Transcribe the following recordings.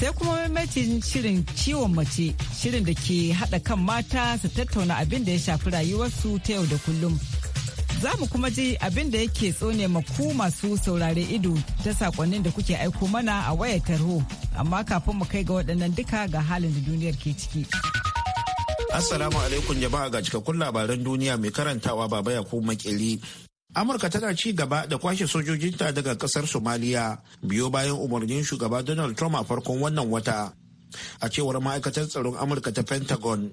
sai kuma maimaitin shirin ciwon mace shirin da ke haɗa kan mata su tattauna abin da ya shafi rayuwarsu ta yau da kullum za mu kuma ji abin da yake tsone maku masu saurare ido ta sakonnin da kuke aiko mana a wayar tarho amma kafin mu kai ga waɗannan duka ga halin da duniyar ke ciki assalamu alaikum jama'a ga cikakkun labaran duniya mai karantawa baba ya makili Amurka tana ci gaba da kwashe sojojinta daga kasar Somaliya biyo bayan umarnin shugaba Donald Trump a farkon wannan wata. A cewar ma'aikatar tsaron Amurka ta Pentagon,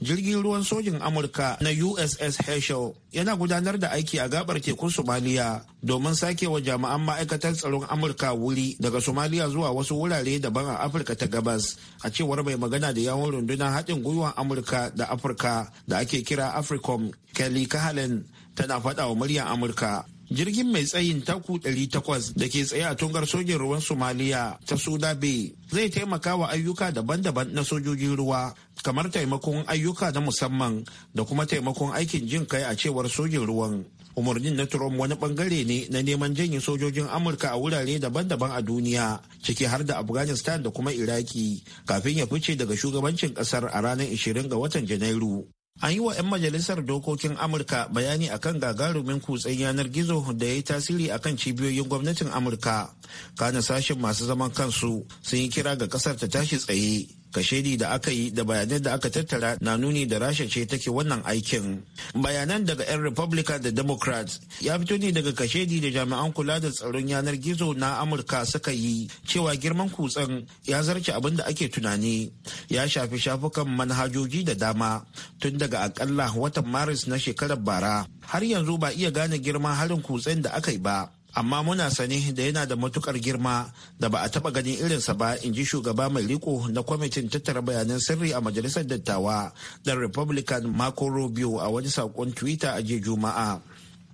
jirgin ruwan sojin Amurka na USS Herschel yana gudanar da aiki a gabar tekun Somaliya domin sake wa jami'an ma'aikatar tsaron Amurka wuri daga Somaliya zuwa wasu wurare daban a Afirka ta gabas, a cewar mai magana da yawon rundunar haɗin gwiwar Amurka da Afirka da ake kira Africom, Kelly Cahalan tana faɗa wa muryar amurka jirgin mai tsayin taku 800 da ke tsaye a tungar sojin ruwan somaliya ta suda bay zai taimaka wa ayyuka daban-daban na sojojin ruwa kamar taimakon ayyuka na musamman da kuma taimakon aikin jin kai a cewar sojin ruwan umarnin na trump wani bangare ne na neman janye sojojin amurka a wurare daban-daban a duniya ciki har da afghanistan da kuma iraki kafin ya fice daga shugabancin kasar a ranar 20 ga watan janairu An yi wa 'yan majalisar dokokin Amurka bayani akan gagarumin kutsen yanar gizo da ya yi tasiri akan cibiyoyin gwamnatin Amurka. Kana sashen masu zaman kansu sun yi kira ga kasar ta tashi tsaye kashedi da aka yi da bayanan da aka tattara na nuni da rasha ce take wannan aikin bayanan daga 'yan republican da democrats ya fito ne daga kashedi da jami'an kula da tsaron yanar gizo na amurka suka yi cewa girman kutsen ya zarce abin da ake tunani ya shafi shafukan manhajoji da dama tun daga akalla watan maris na shekarar bara har yanzu ba iya gane girman harin kutsen da aka yi ba amma muna sani da yana da matukar girma da ba a taba ganin irinsa ba in ji shugaba mai riko na kwamitin tattara bayanan sirri a majalisar dattawa dan republican marco rubio a wani saƙon twitter a jiya juma'a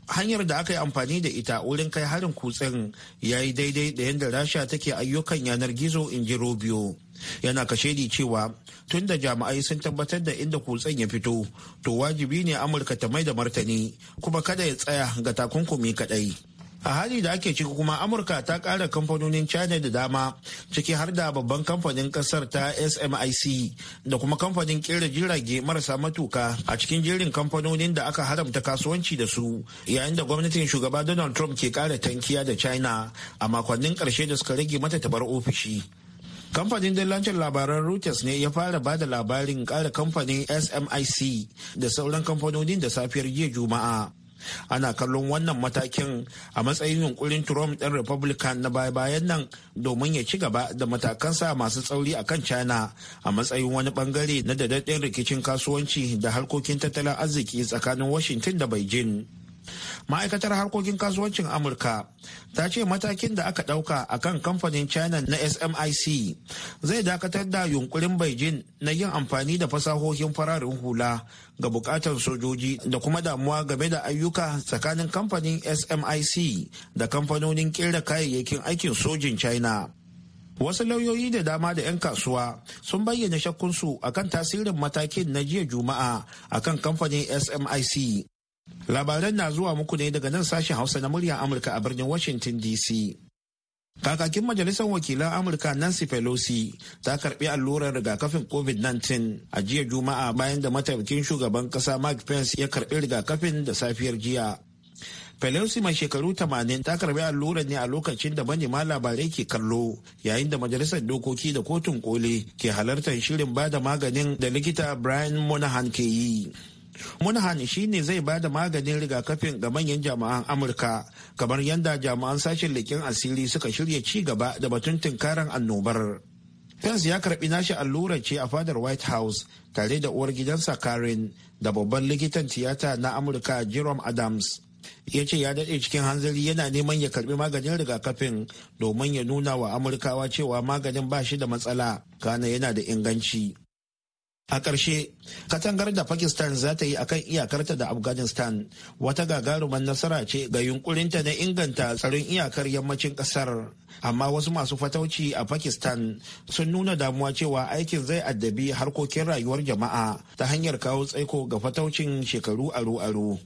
hanyar da aka yi amfani da ita wurin kai harin kutsen ya yi daidai da yadda rasha take ayyukan yanar gizo in ji rubio yana kashedi cewa tun da jami'ai sun tabbatar da inda kutsen ya fito to wajibi ne amurka ta mai da martani kuma kada ya tsaya ga takunkumi kadai a hali da ake ciki kuma amurka ta ƙara kamfanonin china da dama ciki har da babban kamfanin ƙasar ta smic da kuma kamfanin ƙera jirage marasa matuka a cikin jirin kamfanonin da aka haramta kasuwanci da su yayin da gwamnatin shugaba donald trump ke ƙara tankiya da china a makonnin karshe da suka rage mata tabar ofishi kamfanin dillancin labaran reuters ne ya fara ba da labarin ƙara kamfanin smic da sauran kamfanonin da safiyar jiya juma'a ana kallon wannan matakin a matsayin yunkurin trump ɗan republican na baya-bayan nan domin ya ci gaba da matakansa masu tsauri a kan china a matsayin wani bangare na dadaɗin rikicin kasuwanci da harkokin tattalin arziki tsakanin washington da beijing ma'aikatar harkokin kasuwancin amurka ta ce matakin da aka ɗauka a kan kamfanin china na smic zai dakatar da yunkurin beijing na yin amfani da fasahohin fararen hula ga bukatar sojoji da kuma damuwa game da ayyuka tsakanin kamfanin smic da kamfanonin kera kayayyakin aikin sojin china wasu lauyoyi da dama da 'yan kasuwa sun bayyana shakkunsu akan tasirin matakin na jiya juma'a akan kamfanin smic Labaran na zuwa muku ne daga nan sashen Hausa na murya Amurka a birnin Washington DC. Kakakin Majalisar Wakilan Amurka Nancy Pelosi ta karbi allurar rigakafin COVID-19 a jiya Juma'a bayan da mataimakin shugaban kasa Mike Pence ya karbi rigakafin da safiyar jiya. Pelosi mai shekaru 80 ta karbi allurar ne a lokacin da manema labarai ke kallo yayin da majalisar dokoki da kotun koli ke halartar shirin ba da maganin da likita Brian Monahan ke yi. Munhan shi ne zai ba da maganin rigakafin ga manyan jami'an Amurka, kamar yadda jami'an sashen leƙen asiri suka shirya ci gaba da batun tunkarar annobar. Pence ya karbi nashi allurar ce a fadar White House tare da uwar gidansa Karen da babban likitan tiyata na Amurka Jerome Adams. ya ce ya daɗe cikin hanzari yana neman ya karbi maganin rigakafin domin ya nuna wa amurkawa cewa maganin ba shi da matsala kana yana da inganci A ƙarshe, katangar da Pakistan za ta yi kan iyakarta da Afghanistan wata gagarumar nasara ce ga yunkurinta na inganta tsaron iyakar yammacin ƙasar. Amma wasu masu fatauci a Pakistan sun nuna damuwa cewa aikin zai addabi harkokin rayuwar jama'a ta hanyar kawo tsaiko ga fataucin shekaru aru-aru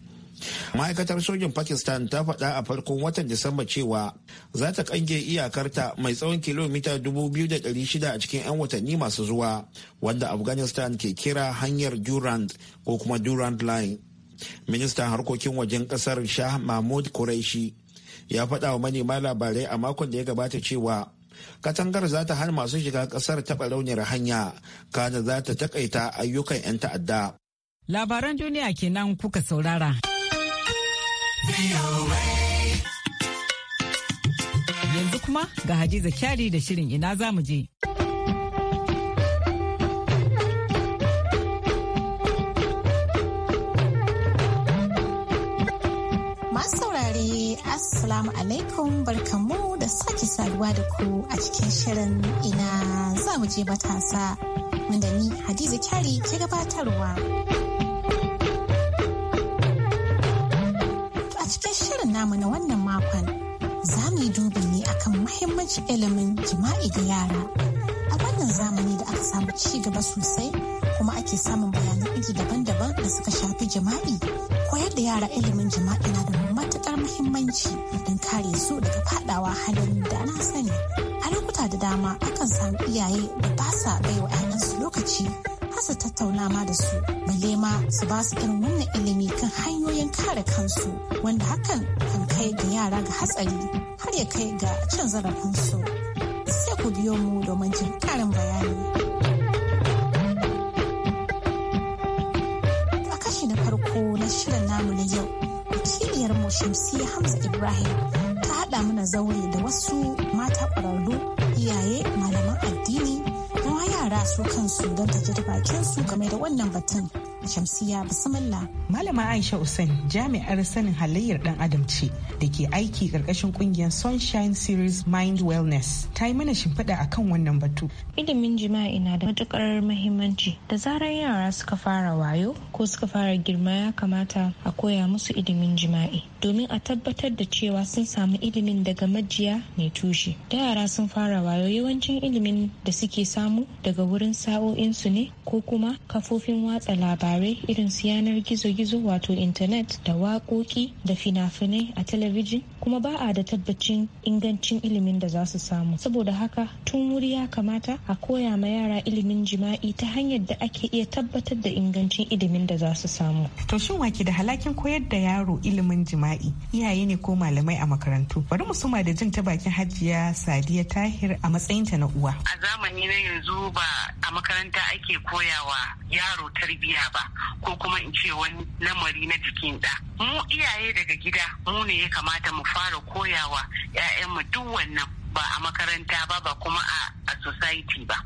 ma'aikatar sojin pakistan ta faɗa a farkon watan disamba cewa za ta kange iyakarta mai tsawon kilomita 2,600 a cikin 'yan watanni masu zuwa wanda afghanistan ke kira hanyar durand ko kuma durand line ministan harkokin wajen kasar shah mahmud kureshi ya faɗa wa manema labarai a makon da ya gabata cewa katangar za ta hana masu shiga kasar taɓa launin hanya kada za ta takaita ayyukan 'yan ta'adda labaran duniya kenan kuka saurara. Yanzu kuma ga Hadiza Kyari da shirin ina za mu je. assalamu alaikum barkamu da sake saduwa da ku a cikin shirin ina za mu je matasa wanda ni hadiza kyari ke gabatarwa. namu na wannan makon za mu yi dubi ne akan muhimmancin ilimin jima'i da yara. A wannan zamani da aka samu ci gaba sosai kuma ake samun bayanan iji daban-daban da suka shafi jima'i. Koyar da yara ilimin jima'i na da matuƙar muhimmanci don kare su daga fadawa halin da na sani. A lokuta da dama akan samu iyaye da ba sa baiwa 'ya'yansu lokaci kasa tattauna ma da su balle ma su ba su irin wannan ilimi kan hanyoyin kare kansu wanda hakan kan kai ga yara ga hatsari har ya kai ga cin zarafinsu sai ku biyo mu domin jin karin bayani a kashi na farko na shirin namu na yau wakiliyar mu shamsiya hamza ibrahim ta haɗa mana zaure da wasu mata ƙwararru iyaye malaman addini yara su kansu don ta ji bakin su game da wannan batun shamsiya bismillah malama aisha usain jami'ar sanin halayyar dan adam ce da ke aiki karkashin kungiyar sunshine series mind wellness ta yi mana shimfiɗa akan wannan batu ilimin jima'i na da matukar mahimmanci da zarar yara suka fara wayo ko suka fara girma ya kamata a koya musu ilimin jima'i domin a tabbatar da cewa sun samu ilimin daga majiya mai tushe da yara sun fara wayo yawancin ilimin da suke samu daga wurin sa'o'insu ne ko kuma kafofin watsa labarai irin su yanar gizo-gizo wato intanet da waƙoƙi da fina-finai a talabijin kuma ba a da tabbacin ingancin ilimin da za su samu saboda haka tun wuri ya kamata a koya ma yara ilimin jima'i ta hanyar da ake iya tabbatar da ingancin ilimin da za su samu to shin wake da halakin koyar da yaro ilimin jima'i jima'i iyaye ne ko malamai a makarantu bari mu suma da jin ta bakin hajiya sadiya tahir a matsayin ta na uwa a zamani na yanzu ba a makaranta ake koyawa yaro tarbiya ba ko kuma in ce wani lamari na jikin da mu iyaye daga gida mu ne ya kamata mu fara koyawa mu duk wannan ba a makaranta ba ba kuma a a society ba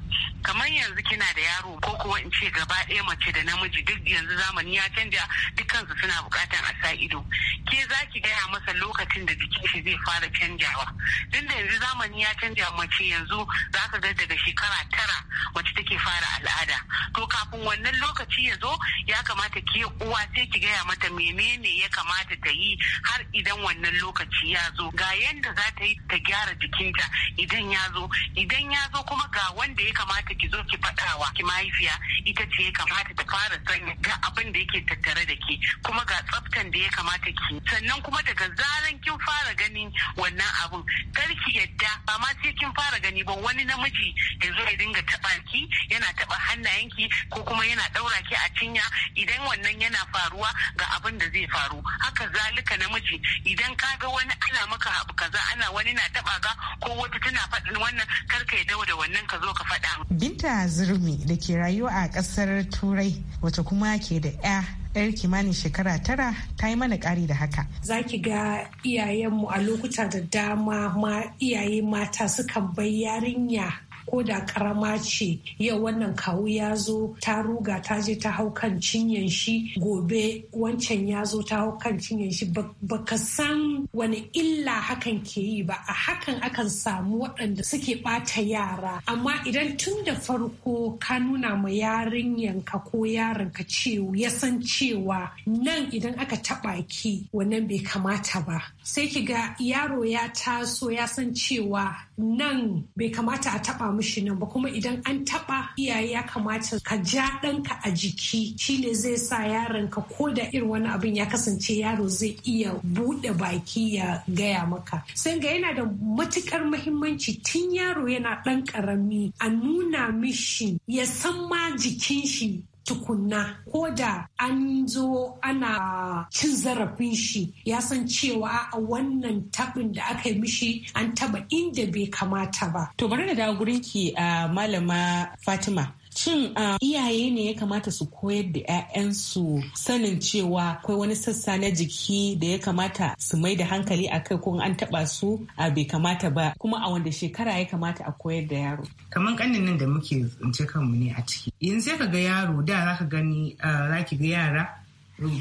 kamar yanzu kina da yaro ko kuma in ce gaba ɗaya mace da namiji duk yanzu zamani ya canja su suna bukatan a sa ido ke za ki gaya masa lokacin da jikin shi zai fara canjawa duk da yanzu zamani ya canja mace yanzu za ka ga daga shekara tara mace take fara al'ada to kafin wannan lokaci ya zo ya kamata ke uwa sai ki gaya mata menene ya kamata ta yi har idan wannan lokaci ya zo ga yanda za ta yi ta gyara jikinta likita idan ya zo idan ya zo kuma ga wanda ya kamata ki zo ki faɗawa ki mahaifiya ita ce ya kamata ta fara sanya ga abin da yake tattare da ke kuma ga tsaftan da ya kamata ki sannan kuma daga zaran kin fara gani wannan abin ki yadda ba ma sai kin fara gani ba wani namiji ya zo ya dinga taɓa ki yana taɓa ki ko kuma yana ɗaura ki a cinya idan wannan yana faruwa ga abin da zai faru haka zalika namiji idan ka ga wani ana maka abu kaza ana wani na taba ka ko wata tana faɗin wannan kar ka dawo da wannan ka zo ka faɗa. Binta Zurmi da ke rayuwa a ƙasar Turai wata kuma ke da 'ya yar kimanin shekara tara ta yi mana ƙari da haka. Za ki ga iyayenmu a lokuta da dama ma iyaye mata sukan bai yarinya ko da karama ce yau wannan kawu ya zo ta ruga ta je ta hau kan cinyan shi gobe wancan ya zo ta hau kan cinyan shi baka san wani illa hakan ke yi ba a hakan akan samu waɗanda suke ɓata yara amma idan tun da farko ka nuna ma ka ko yaron cewa ya san cewa nan idan aka taɓa ki wannan bai kamata ba sai ki ga yaro ya taso ya san cewa nan bai kamata a taɓa mishi nan ba kuma idan an taɓa iyaye ya kamata ka ja ɗanka a jiki shi ne zai sa yaron ka ko da irin wani abin ya kasance yaro zai iya buɗe baki ya gaya maka sai ga yana da matukar muhimmanci tun yaro yana ɗan ƙarami a nuna mishi ya san ma jikin shi tukunna ko da an zo ana cin zarafin shi ya san cewa a wannan tabin da aka yi mishi an taba inda bai kamata ba. To bari da dawo gurinki a ah, malama Fatima. Shin ah, iyaye ne ya kamata su koyar da 'ya'yansu sanin cewa akwai wani sassa na jiki da ya kamata su mai da hankali a kai ko an taba su a ah, bai kamata ba kuma a wanda shekara ya kamata a koyar da yaro. Kamar kanin nan da muke tsince kanmu ne a ciki. Yanzu sai ka ga yaro da za ka gani ah, za ki ga yara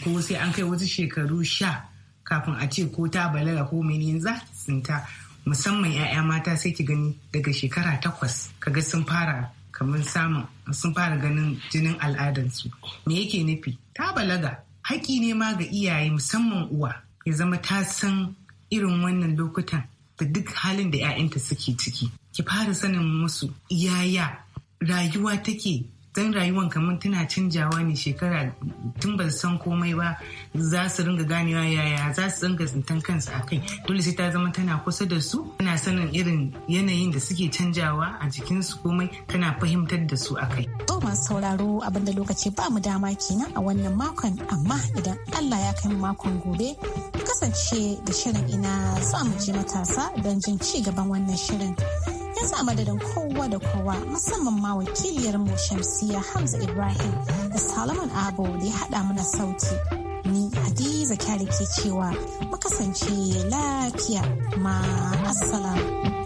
ko sai an kai wasu shekaru sha kafin a ce ko ta balaga ko mene yanzu za tsinta musamman 'ya'ya mata sai ki gani daga shekara takwas ka ga sun fara kamar samun sun fara ganin jinin al'adansu me yake nufi ta balaga haƙi ne ma ga iyaye musamman uwa ya zama ta san irin wannan lokutan da duk halin da 'ya'yanta suke ciki ki fara sanin musu yaya rayuwa take dan rayuwan kamar tana canjawa ne shekara tun ba san komai ba za su ringa ganewa yaya za su ringa tsintan kansu a kai dole sai ta zama tana kusa da su tana sanin irin yanayin da suke canjawa a jikinsu komai tana fahimtar da su a kai. to masu sauraro abinda lokaci ba mu dama kenan a wannan makon amma idan allah ya kai makon gobe kasance da shirin ina za mu je matasa don jin ci gaban wannan shirin. ya sa madadin kowa da kowa musamman ma wakiliyar mu shamsiya hamza ibrahim da salaman abu da ya haɗa mana sauti ni hadiza kyari ke cewa makasance lafiya ma assalamu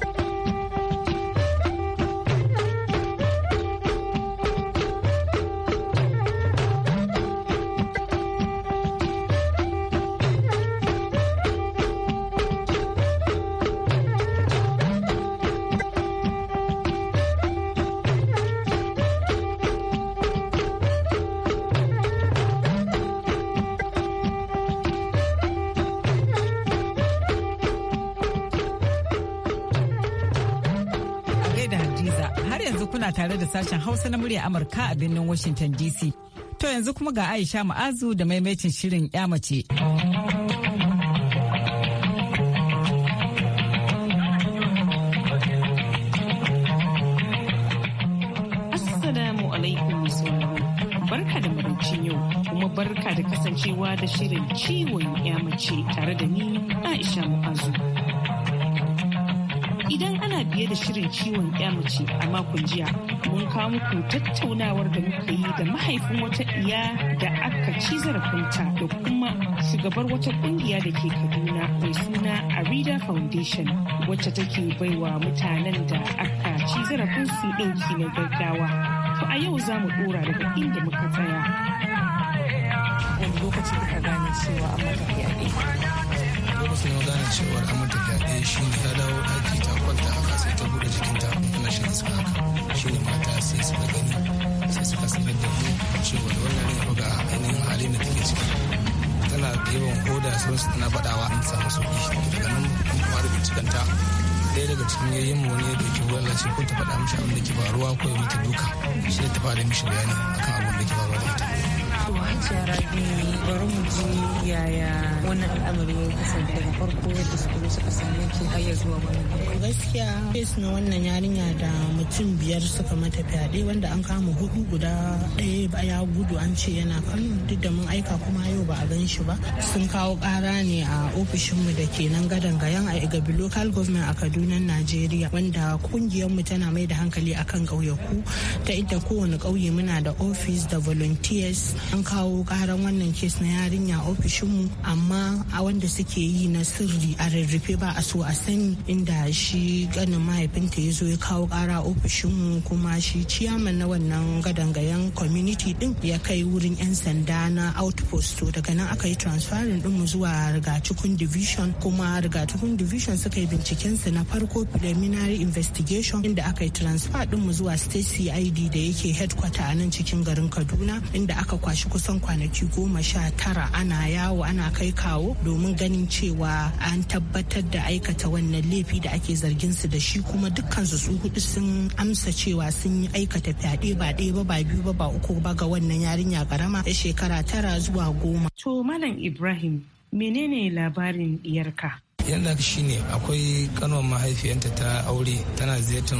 sashen Hausa na murya Amurka a birnin Washington DC. To yanzu kuma ga Aisha Ma'azu da maimacin shirin 'ya mace. barka da maraicin yau kuma barka da kasancewa da shirin ciwon ya mace tare da ni aisha ma'azu. Idan ana biye da shirin ciwon yamuci a makon jiya, mun kawo muku tattaunawar da muka yi da mahaifin wata iya da aka ci zarafinta da kuma shugabar wata kungiya da ke Kaduna mai suna Arida Foundation wacce take baiwa mutanen da aka ci zarafin su ɗauki na gaggawa. To a yau za mu ɗora daga inda muka tsaya. Wani lokaci ka gane cewa an mata yaɗe. kuma sai na gane cewar an ta fyaɗe shi ne ta dawo ɗaki ta kwanta haka sai ta buɗe jikinta tana shan iska haka shi ne mata sai suka gani sai suka sanar da mu cewa wannan ne ga ainihin halin da take ciki tana yawan koda sauransu tana faɗawa an samu sauki daga nan an fara ta ɗaya daga cikin yayin mu wani ya ke wala ce ko ta faɗa mishi abin da ke faruwa ko ya mata duka shi ta fara mishi bayani akan abin da ke faruwa da ita To Hajiya Rabi bari mu ji yaya wannan al'amari ya kasance daga farko yadda suka zo suka same ki har ya zuwa wannan. Gaskiya kes na wannan yarinya da mutum biyar suka mata fyaɗe wanda an kama hudu guda ɗaya ba ya gudu an ce yana kan duk da mun aika kuma yau ba a gan shi ba. Sun kawo ƙara ne a ofishinmu da ke nan gadan gayan a Igabi local government a Kaduna Najeriya wanda mu tana mai da hankali akan ƙauyaku ta ita kowane ƙauye muna da office da volunteers an kawo karan wannan kes na yarinya ofishinmu amma a wanda suke yi na sirri a rarrafe ba a so a sani inda shi ganin mahaifinta ya zo ya kawo kara ofishinmu kuma shi ciyaman na wannan gadangayen community din ya kai wurin 'yan sanda na outpost to daga nan aka yi transferin mu zuwa rigacikun division kuma rigacikun division suka yi binciken su na farko preliminary investigation inda aka yi transfer mu zuwa state cid da yake headquarter a nan cikin garin kaduna inda aka kwashi shi kusan kwanaki goma sha tara ana yawo ana kai kawo domin ganin cewa an tabbatar da aikata wannan laifi da ake zargin su da shi kuma dukkansu su hudu sun amsa cewa sun yi aikata fyaɗe ba ɗaya ba ba biyu ba ba uku ba ga wannan yarinya karama shekara tara zuwa goma. To Malam Ibrahim menene labarin diyarka? shi ne akwai kanuwar mahaifiyanta ta aure tana ziyartar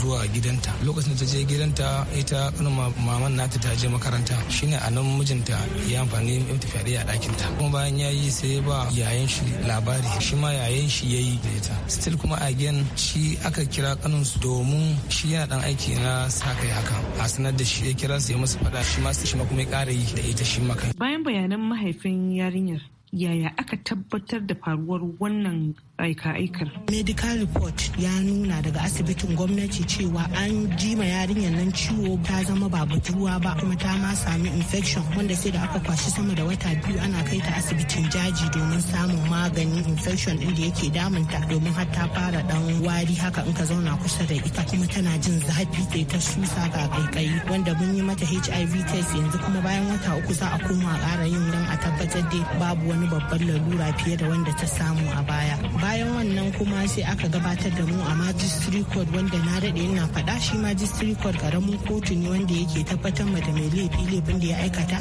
zuwa gidanta lokacin da ta je gidanta ita kanuwar maman nata ta je makaranta shi ne a nan mijinta ya amfani da fyaɗe a ɗakinta kuma bayan ya yi sai ba yayan shi labari shi ma yayan shi ya yi da ita still kuma a again shi aka kira kanun su domin shi yana dan aiki na sa kai haka a sanar da shi ya kira su ya musu faɗa shi ma shi ma kuma ya ƙara yi da ita shi makai. bayan bayanan mahaifin yarinyar yaya aka tabbatar da faruwar wannan aika-aikar. medical report ya nuna daga asibitin gwamnati cewa an ji ma yarinyar nan ciwo ta zama ba budurwa ba kuma ta ma sami infection wanda sai da aka kwashi sama da wata biyu ana kai ta asibitin jaji domin samun maganin infection din da yake damunta domin har ta fara dan wari haka in ka zauna kusa da ita kuma tana jin zafi sai ta susa ga kaikayi wanda mun yi mata hiv test yanzu kuma bayan wata uku za a koma ƙara yin dan a tabbatar da babu wani wani babban lalura fiye da wanda ta samu a baya bayan wannan kuma sai aka gabatar da mu a magistri court wanda na daɗe ina faɗa shi magistri court karamin kotu ne wanda yake tabbatar da mai laifi laifin da ya aikata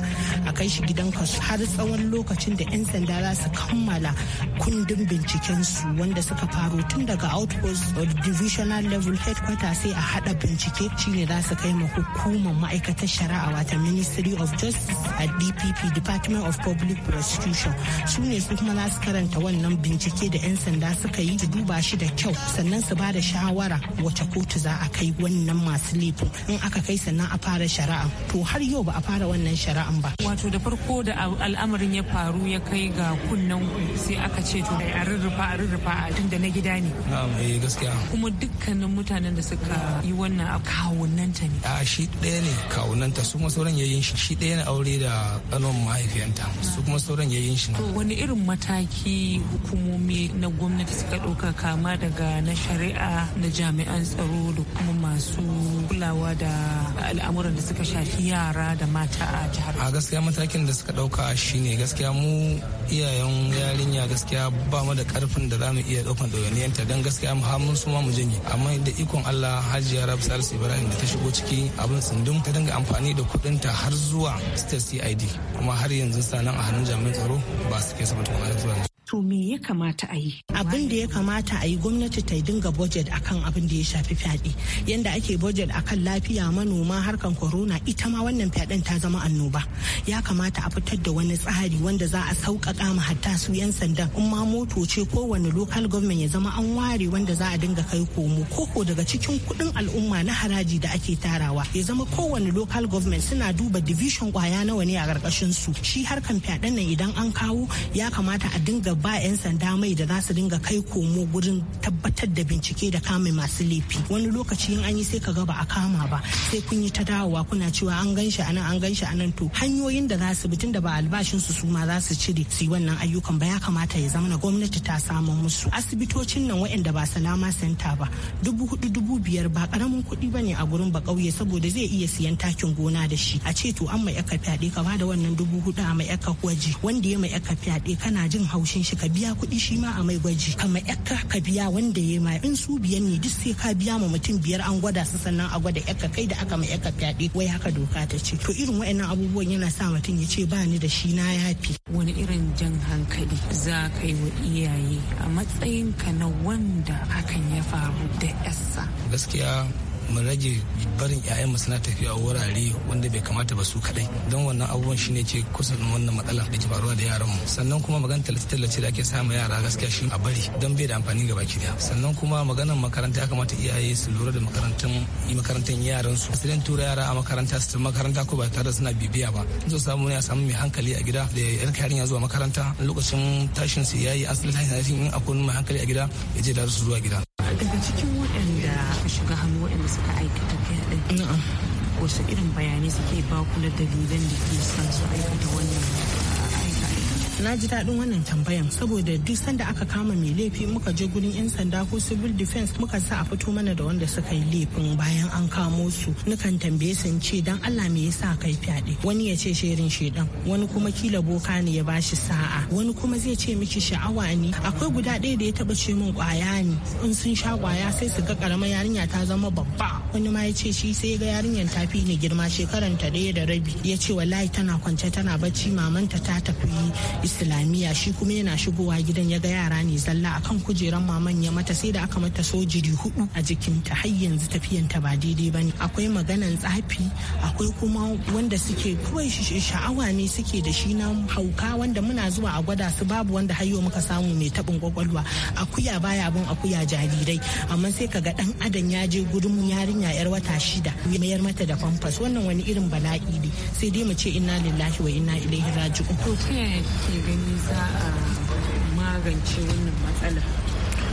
a kai shi gidan kasu har tsawon lokacin da 'yan sanda za su kammala kundin binciken su wanda suka faro tun daga outpost of divisional level headquarter sai a haɗa bincike shine za su kai ma hukumar ma'aikatar shari'a wata ministry of justice a dpp department of public prosecution su ne su kuma su karanta wannan bincike da 'yan sanda suka yi su duba shi da kyau sannan su ba da shawara wace kotu za a kai wannan masu laifin in aka kai sannan a fara shari'a to har yau ba a fara wannan shari'an ba wato da farko da al'amarin ya faru ya kai ga kunnen sai aka ce to a rurrufa a rurrufa a tun da na gida ne eh, gaskiya kuma dukkanin mutanen da suka yi wannan a kawunanta ne a shi ɗaya ne kawunanta su kuma sauran yayin shi shi ɗaya ne aure da ƙanon mahaifiyanta su kuma sauran yayin shi To wani irin mataki hukumomi na gwamnati suka ɗauka kama daga na shari'a na jami'an tsaro da kuma masu kulawa da al'amuran da suka shafi yara da mata a jihar. A gaskiya matakin da suka ɗauka shine gaskiya mu iyayen yarinya gaskiya ba mu da karfin da za mu iya ɗaukan yanta don gaskiya mu mun su ma mu janye amma da ikon Allah Hajiya Rabi Salisu Ibrahim da ta shigo ciki abin tsundum ta dinga amfani da kuɗinta har zuwa state CID kuma har yanzu sanan a hannun jami'an tsaro ba com kai sama to me ya kamata a yi abin da ya kamata a yi gwamnati ta dinga budget akan abin da ya shafi fyaɗe yanda ake budget akan lafiya manoma harkan corona ita ma wannan fyaɗen ta zama annoba ya kamata a fitar da wani tsari wanda za a sauƙaƙa ma hatta su 'yan sanda in ma moto ce kowane local government ya zama an ware wanda za a dinga kai komo koko daga cikin kuɗin al'umma na haraji da ake tarawa ya zama kowane local government suna duba division kwaya nawa ne a karkashin su shi harkan fyaɗen nan idan an kawo ya kamata a dinga ba 'yan sanda mai da za su dinga kai komo gurin tabbatar da bincike da kame masu laifi wani lokaci in an yi sai ka ga ba a kama ba sai kun yi ta dawowa kuna cewa an gan anan an gan anan to hanyoyin da za su bitin da ba albashin su ma za su cire su yi wannan ayyukan ba ya kamata ya zama gwamnati ta samu musu asibitocin nan waɗanda ba salama center ba dubu hudu dubu biyar ba karamin kuɗi bane a gurin ba kauye saboda zai iya siyan takin gona da shi a ce to an mai aka fyaɗe ka ba da wannan dubu hudu a mai aka waje wanda ya mai aka fyaɗe kana jin haushin shi ka biya kuɗi shi ma a mai gwaji kama yakka ka biya wanda ya ma in su biyan ne duk sai ka biya ma mutum biyar an gwada su sannan a gwada yakka kai da aka ma yakka fyaɗe wai haka doka ta ce to irin wa'annan abubuwan yana sa mutum ya ce ba ni da shi na yafi. wani irin jan hankali za ka yi wa iyaye a matsayin ka na wanda hakan ya faru da ƴassa gaskiya mu rage barin 'ya'yan mu suna tafiya a wurare wanda bai kamata ba su kadai don wannan abubuwan shine ce kusan wannan matsala da ke faruwa da yaran mu sannan kuma magana tallace-tallace da ake samu yara gaskiya shi a bari don bai da amfani ga baki daya sannan kuma maganar makaranta ya kamata iyaye su lura da makarantun makarantar yaran su su tura yara a makaranta su makaranta ko ba tare da suna bibiya ba in samu ne a samu mai hankali a gida da yar karin ya zuwa makaranta lokacin tashin su yayi asali tashin in akwai mai hankali a gida ya je da su zuwa gida daga cikin waɗanda aka shiga hannu waɗanda suka aikata fyaɗe wasu irin bayanai suke ba kula dalilan da ke son su aikata wannan na ji daɗin wannan tambayan saboda duk sanda aka kama mai laifi muka je gurin 'yan sanda ko civil defense muka sa a fito mana da wanda suka yi laifin bayan an kamo su nukan tambaye su ce dan Allah me yasa kai fyaɗe wani ya ce shirin shedan wani kuma kila boka ne ya bashi sa'a wani kuma zai ce miki sha'awa ne akwai guda ɗaya da ya taba ce min kwaya ne in sun sha kwaya sai su ga karama yarinya ta zama babba wani ma ya ce shi sai ga yarinyar ta fi ni girma shekaran ɗaya da rabi ya ce wallahi tana kwance tana bacci mamanta ta tafi islamiyya shi kuma yana shigowa gidan ya ga yara ne zalla akan kujeran maman ya mata sai da aka mata sojiri hudu a jikinta har yanzu tafiyan ta ba daidai bane akwai maganan tsafi akwai kuma wanda suke kawai sha'awa ne suke da shi na hauka wanda muna zuwa a gwada su babu wanda hayo muka samu mai tabin kwakwalwa akuya baya bin akuya jarirai amma sai ka ga dan adam ya je gurin yarinya yar wata shida mayar mata da famfas wannan wani irin bala'i ne sai dai mu ce inna lillahi wa inna ilaihi raji'un ko ke kake gani za a magance wannan matsala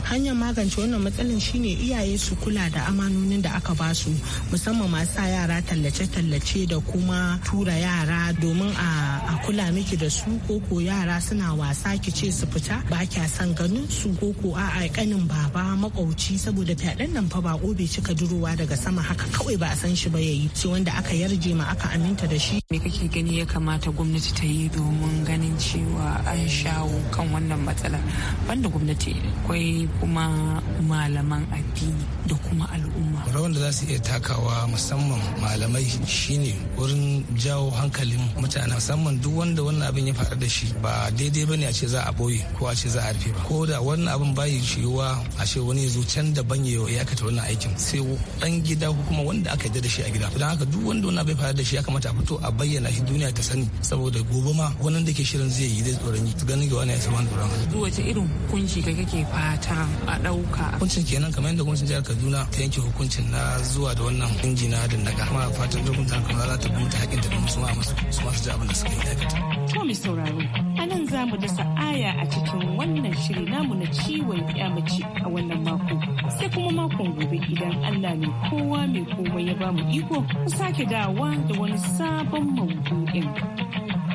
hanyar magance wannan matsalan shine iyaye su kula da amanonin da aka ba su musamman masu yara tallace-tallace da kuma tura yara domin a kula miki da su koko yara suna wasa ki ce su fita ba kya san ganin su koko a kanin baba makauci saboda fyaɗen nan fa ba bai cika durowa daga sama haka kawai ba a san shi ba yayi ce wanda aka yarje ma aka aminta da shi me kake gani ya kamata gwamnati ta yi domin ganin cewa an shawo kan wannan matsalar banda gwamnati akwai kuma malaman addini da kuma al'umma. rawan da za su iya takawa musamman malamai shine wurin jawo hankalin mutane musamman duk wanda wannan abin ya faru da shi ba daidai bane a ce za a boye ko a ce za a rufe ba ko da wannan abin bayi yiwuwa a ce wani ya zo can daban ya ya aikata wannan aikin sai dan gida ko kuma wanda aka yarda da shi a gida don haka duk wanda wannan abin faru da shi ya kamata a fito a bayyana shi duniya ta sani saboda gobe ma wannan da ke shirin zai yi zai tsoron yi ganin ga wani ya saman tsoron. Duk wace irin kunci kake fata a ɗauka. Kuncin kenan kamar yadda kuncin jihar kaduna ta yanke hukuncin na zuwa da wannan inji na daga kuma fatan dukkan ta kuma za ta buta hakin da su ma musu su ma su ji abin da suka yi aikata. to mi sauraro anan nan za mu dasa aya a cikin wannan shiri namu na ciwon mace a wannan mako sai kuma makon gobe idan allah ne kowa mai komai ya bamu iko ku sake dawa da wani sabon maudu'in.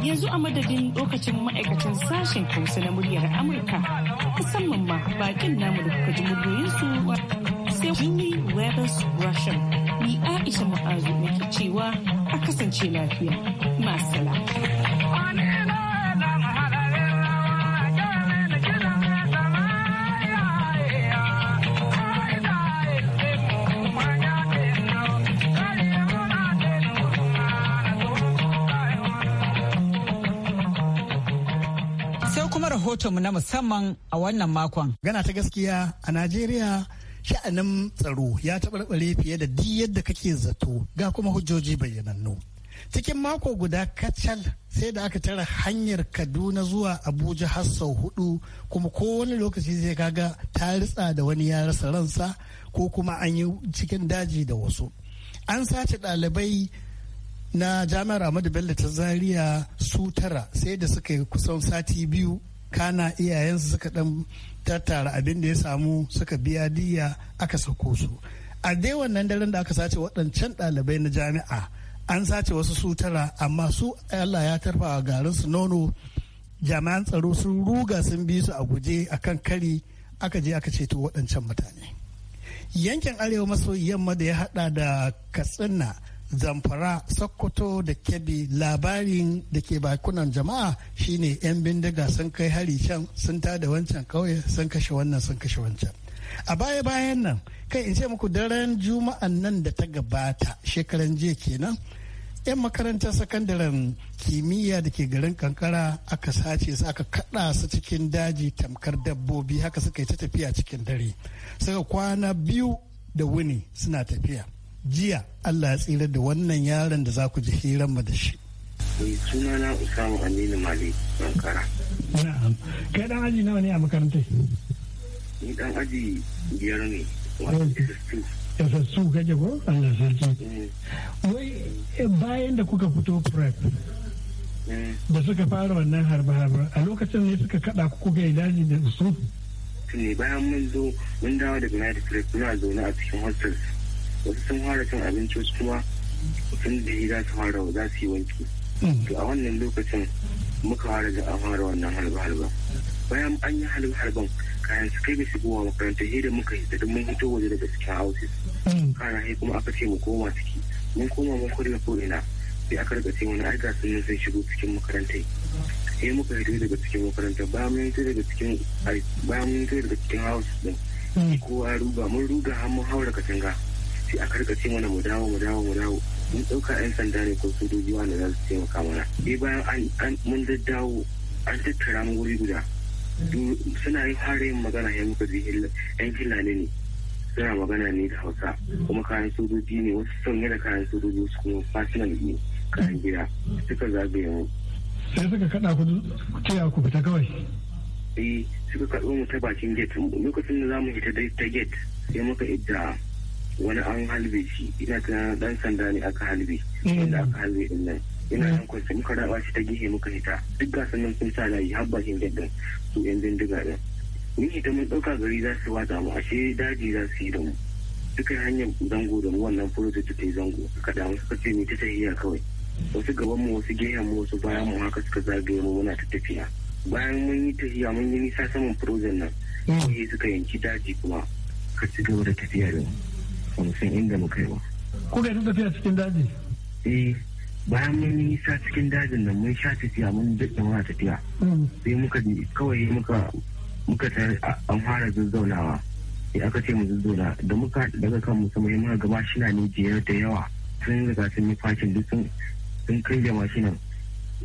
yanzu a madadin lokacin ma'aikacin sashen kausa na muryar amurka musamman ma bakin namu da kuka ji muryoyinsu sai kun yi Weathers Russian. Ni Aisha Mu'azu nake cewa a kasance lafiya. Masala. mu na musamman a wannan makon. Gana ta gaskiya a Najeriya sha'anin tsaro ya taɓarɓare fiye da duk yadda kake zato ga kuma hujjoji bayyanannu cikin mako guda kacal sai da aka tara hanyar kaduna zuwa abuja har sau hudu kuma kowane lokaci zai kaga ta ritsa da wani ya rasa ransa ko kuma an yi cikin daji da wasu an sace ɗalibai na jami'ar Amadu bello ta zaria su tara sai da suka yi kusan sati biyu kana iyayensu suka dan tattara abin da ya samu suka biya diya aka sauko su a dai wannan daren da aka sace waɗancan ɗalibai na jami'a an sace wasu su tara amma su allah ya tarfa garin su nono jami'an tsaro sun ruga sun bi su a guje akan kari aka je aka ceto waɗancan mutane yankin arewa maso yamma da ya hada da katsina zamfara sokoto da kebbi labarin da ke bakunan jama'a shine 'yan bindiga sun kai hari can sun tada wancan kauye sun kashe wannan sun kashe wancan a baya bayan nan kai in ce muku daren juma'an nan da ta gabata shekaran jiya kenan 'yan makarantar sakandaren kimiyya da ke garin kankara aka sace su aka kada su cikin daji tamkar dabbobi haka suka yi ta tafiya cikin dare suka kwana biyu da wuni suna tafiya jiya allah ya tsira da wannan yaron da za ku ji hiran da shi suna na usamu aminu mali sankara kai dan aji nawa ne a makarantar? ni dan aji biyar ne eh. sssu kake ko allah sarki eh. wai eh, bayan da kuka fito prep da suka fara wannan harba-harba a lokacin ne suka kaɗa kuka yi daji da su Tune bayan mun zo mun dawo daga united States, muna zaune a cikin hostels wasu sun fara cin abinci wasu kuma sun biyu za su fara za su yi wanki mm. to a wannan lokacin muka fara da an fara wannan halba-halba bayan an yi halba-halban kayan su kai su gowa makaranta yi da muka yi da mun hito waje daga cikin houses mm. kana he kuma aka ce mu koma ciki mun koma mun kulle ko ina sai aka rika ce wani aika sun sun shigo cikin makaranta sai muka hito daga cikin makaranta bayan mun hito daga cikin bayan mun hito daga cikin houses din mm. kowa ruga mun ruga har mun haura katanga sai a karkace mana mu dawo mu dawo mu dawo mun ɗauka 'yan sanda ne ko sojoji wanda za su taimaka mana sai bayan an mun daddawo an tattara mu wuri guda suna yi fara yin magana ya muka zai yan filani ne suna magana ne da hausa kuma kayan sojoji ne wasu sanye da kayan sojoji su kuma fasinan ne kayan gida suka zagaye mu sai suka kaɗa ku cewa ku fita kawai sai eh, suka kaɗo mu ta bakin gate lokacin da za mu fita ta gate sai muka idda wani an halbe shi ina ta dan sanda ne aka halbe mm. wanda aka halbe din nan ina mm. nan kwance muka raba shi ta gihe muka hita duk gasan nan sun sa na yi habba shi da su yan bindiga din ni hita mun dauka gari za su watsa mu ashe daji za su yi da mu duka hanyar zango da mu wannan furotu ta yi zango suka damu suka ce ni ta tahiya kawai wasu gaban mu wasu gehen mu wasu bayan mu haka suka zagaye mu muna ta tafiya bayan mun yi tafiya mun yi nisa saman frozen nan mm. sai suka yanki daji kuma ka ci gaba da tafiya da mu mu san inda mu kai wa. Kuka yi tafiya cikin daji? Eh, bayan mun yi sa cikin dajin nan mun sha tafiya mun duk da muna tafiya. Hmm. Sai muka kawai muka muka ta an fara zazzaunawa. Sai aka ce mu zazzauna da muka daga kan mu sama gaba gaba shina ne jiyar da yawa. Sun riga sun yi fashin duk sun sun da mashinan.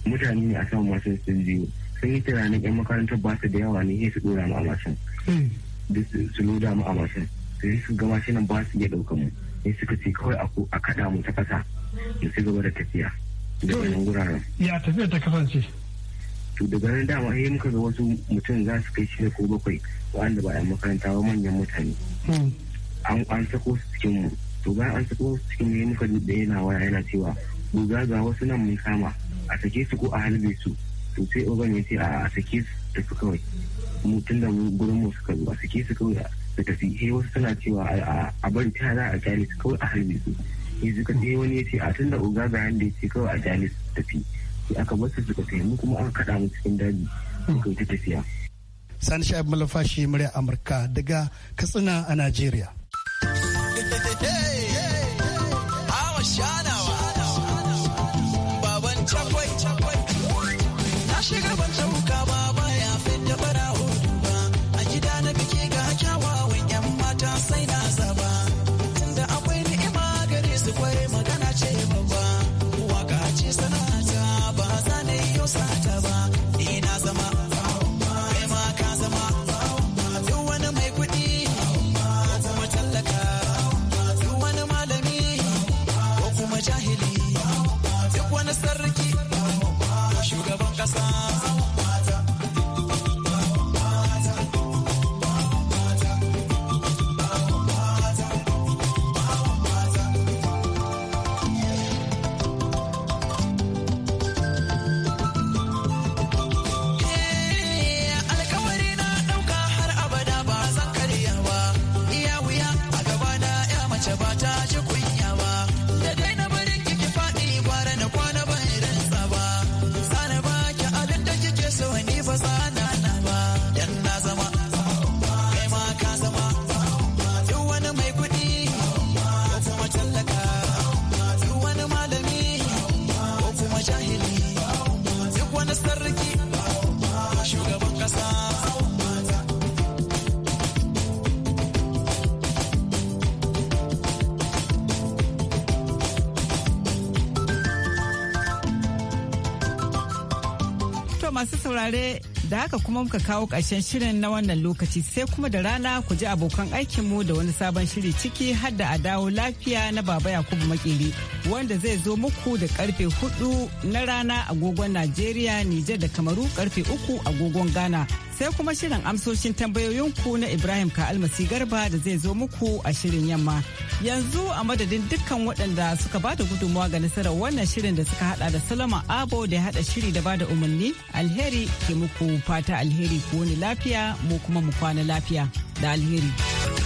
Mutane ne a saman mashin sun biyu. Sun yi tunanin 'yan makarantar ba su da yawa ne sai su ɗora mu a mashin. Eh. Duk su loda mu a mashin. sai sun gama shi nan ba su iya ɗauka mu sai suka ce kawai a kaɗa mu ta ƙasa da su gaba da tafiya da wannan wuraren. ya tafiya ta kasance. to daga nan dama sai muka ga wasu mutum za su kai shida ko bakwai wanda ba 'yan makaranta ba manyan mutane. Hmm. an an sako su cikin mu to bayan an sako su cikin mu muka da yana waya yana cewa goga ga wasu nan mun kama a sake su ko a halbe su to sai ogan ya ce a sake su tafi kawai mu tun da gurin mu suka zo a sake su kawai su tafi wasu suna cewa a bari ta za a jalis kawai a halbe su yanzu sai wani ya ce a tun da oga ga yanda ya ce kawai a jalis su tafi sai aka bar su suka mu kuma an kaɗa mu cikin daji suka ta tafiya. Sani Sha'ib Malafashi murya Amurka daga Katsina a Najeriya. nasar masu saurare da haka kuma muka kawo ƙarshen shirin na wannan lokaci sai kuma da rana ku ji abokan aikinmu da wani sabon shiri ciki har da a dawo lafiya na baba yakubu makeri wanda zai zo muku da karfe 4 na rana agogon Najeriya, Nijar da Kamaru karfe 3 agogon Ghana. Sai kuma shirin amsoshin tambayoyinku na Ibrahim Ka'almasi Garba da zai zo muku a shirin yamma. Yanzu a madadin dukkan waɗanda suka ba da gudunmawa ga nasarar wannan shirin da suka hada da Salama Abo da ya haɗa shiri da ba da umarni alheri ke muku fata alheri ku wani lafiya mu kuma mu kwana lafiya da alheri.